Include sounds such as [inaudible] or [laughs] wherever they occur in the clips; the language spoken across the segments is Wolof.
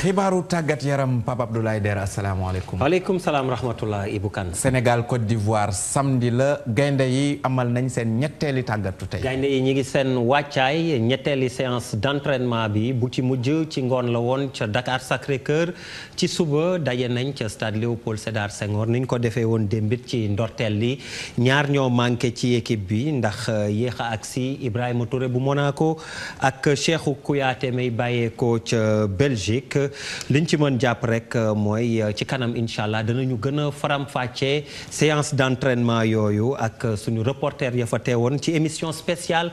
xibaaru tàggat yaram Pape Abdoulaye Der asalaamaaleykum. waaleykum salaam rahmatullah Ibou Kane. Sénégal Côte d'Ivoire samedi la gaynde yi amal nañ seen ñetteeli tàggatu tey. gaynde yi ñi ngi seen wàccaay ñetteeli séance d'entraînement bi bu ci mujj ci ngoon la woon ca Dakar Sacré-Cœur ci suba daje nañ ca stade Léopold Sédar Senghor niñ ko defee woon démbit ci ndorteel li ñaar ñoo manqué ci équipe bi ndax euh, yéex a agsi Ibrahima Touré bu Monaco ak Cheikhou Kouyaté may bàyyeekoo ca Belgique. liñ ci mën jàpp rek euh, mooy euh, ci kanam incha allah danañu gën a faram-fàccee séance d'entraînement yooyu ak euh, suñu reporter ya fa teewoon ci émission spéciale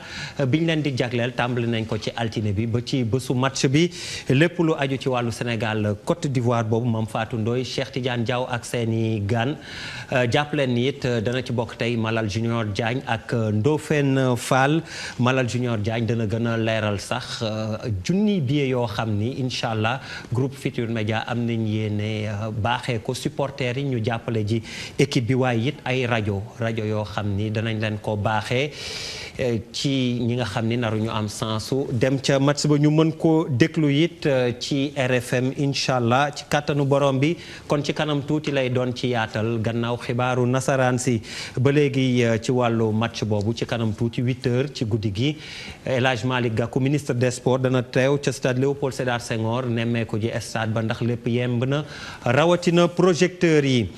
biñ leen di jagleel tàmbali nañ ko ci altine bi ba ci bësu match bi lépp lu aju ci wàllu Sénégal Côte d'Ivoire boobu Mame Fatou Ndoye Cheikh Tidiane Diaw ak seeni gan jàpp leen ni it dana ci bokk tey Malal Junior Diagne ak Ndofène Fall Malal Junior Diagne dana gën a leeral sax junni bi yoo xam ni incha allah groupe Futurs Médias am nañ yéene euh, baaxee ko supporters yi ñu jàppale ji équipe bi waaye it ay rajo rajo yoo xam ni danañ leen ko baaxee euh, ci ñi nga xam ni naru ñu am sensu dem ca match ba ñu mën koo déglu it euh, ci RFM incha allah ci kàttanu borom bi kon ci kanam tuuti lay doon ci yaatal gannaaw xibaaru nasaraan si ba léegi ci wàllu match boobu ci kanam tuuti huit heures ci guddi gi El Hadj Malick Gakou ministre des dana teew ca stade Léopold Sédar Senghor nemmee nemmeeku ji stade ba ndax lépp yemb na rawatina projecteurs yi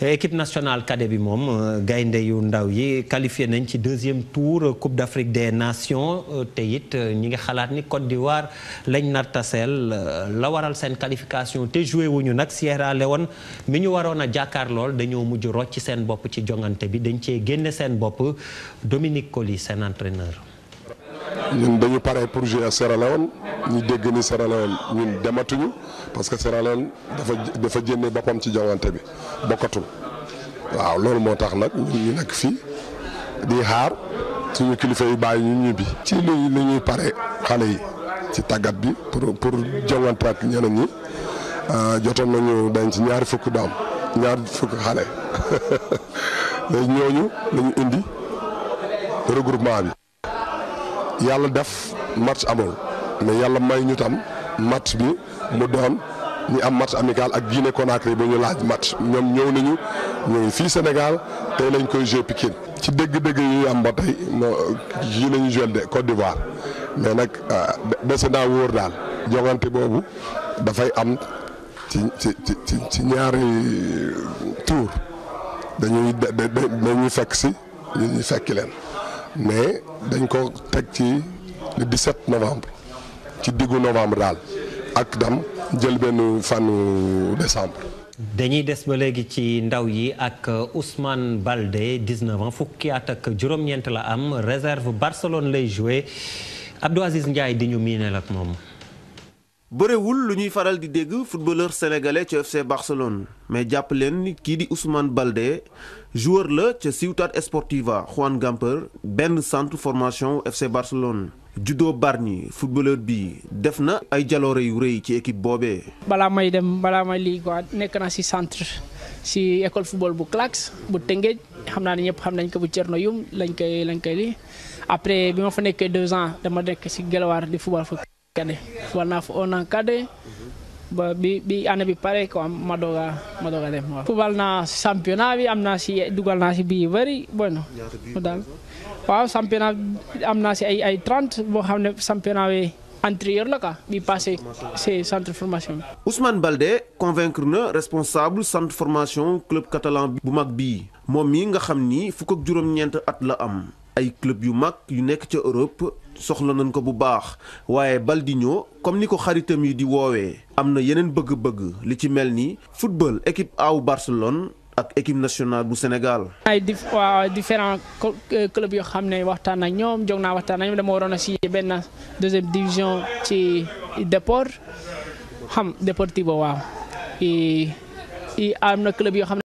équipe nationale cadet bi moom euh, gaynde yu ndaw yi qualifié nañ ci deuxième tour euh, Coupe d'Afrique des Nations euh, te it ñi ngi xalaat ni Côte d'Ivoire lañ nar taseel la waral seen qualification te joué wuñu nag Sierra woon mi ñu waroon a jàkkaar lool dañoo mujj rocc seen bopp ci jongante bi dañ cee génne seen bopp Dominique Colli seen entraîneur ñun dañu pare pour jouer Sierra ñu dégg ni Sierra ñun dematuñu parce que Sierra dafa dafa jënne boppam ci jongante bi bokkatul waaw loolu moo tax nag ñun ñu nekk fii di xaar suñu kilifa yi bàyyi ñu ñibbi. ci li li ñuy pare xale yi ci tàggat bi pour pour jongante ak ñeneen ñi euh, jotoon nañu dañ ci ñaari fukk doom ñaari fukk xale [laughs] ñooñu lañu indi regroupement bi. yàlla def match amul mais yàlla may ñu tam match bi mu doon ñu am match amical ak Guinée Conakry ba ñu laaj match ñoom ñëw nañu ñëw fii Sénégal tey lañ koy joué Pikine ci dëgg-dëgg yi am ba tey yii la ñu joué de Côte d'Ivoire mais nag dese euh, naa wóor daal jongante boobu dafay am ci ci ci ci ñaari euh, tour dañuy dañuy fekk si ñu ñu fekki leen. mais dañ ko teg ci le novembre ci diggu novembre daal ak dam jël benn fànnu décembre. dañuy des ba léegi ci ndaw yi ak Ousmane Baldé 19 ans fukki at ak juróom-ñeent la am réserve Barcelone lay joué Abdou Aziz Ndiaye di ñu miineel ak moom. bëriwul lu ñuy faral di dégg footballeur sénégalais ca FC Barcelone mais jàpp leen ni kii di Ousmane Baldé joueur la ca Ciutat Esportiva Juan Gamper benn centre formation FC Barcelone. judo Bargny footballeur bi def na ay jaloore yu rëy ci équipe boobee. balaa may dem balaa may lii quoi nekk na si centre si école football bu Clax bu Tëngéej xam naa ne ñëpp xam nañ ko bu Thierno Youm lañ koy lañ koy lii après bi ma fa nekkee deux ans dama nekk si Guelwaar di cadet war naa fa un an cadet championnat bi am naa si dugal naa si bii yu bëri bon. daal waaw championnat am naa si ay ay trente boo xam ne championnat bi antérieur la quoi bi passé c'est centre formation bi. Ousmane Baldé convaincre na responsable centre formation club catalan bu mag bi moom mii nga xam ni fukk juróom-ñeent at la am. ay club yu mag yu nekk ca Europe soxla nañ ko bu baax waaye Baldinho comme ni ko xaritam yi di woowee am na yeneen bëgg-bëgg li ci mel ni football équipe aw Barcelone ak équipe nationale bu Sénégal. ay di waaw différents euh, club yoo xam ne waxtaan na ñoom jóg naa waxtaan na ñoom dama waroon a si benn deuxième division ci déport xam Deportivo waaw i am na club yoo xam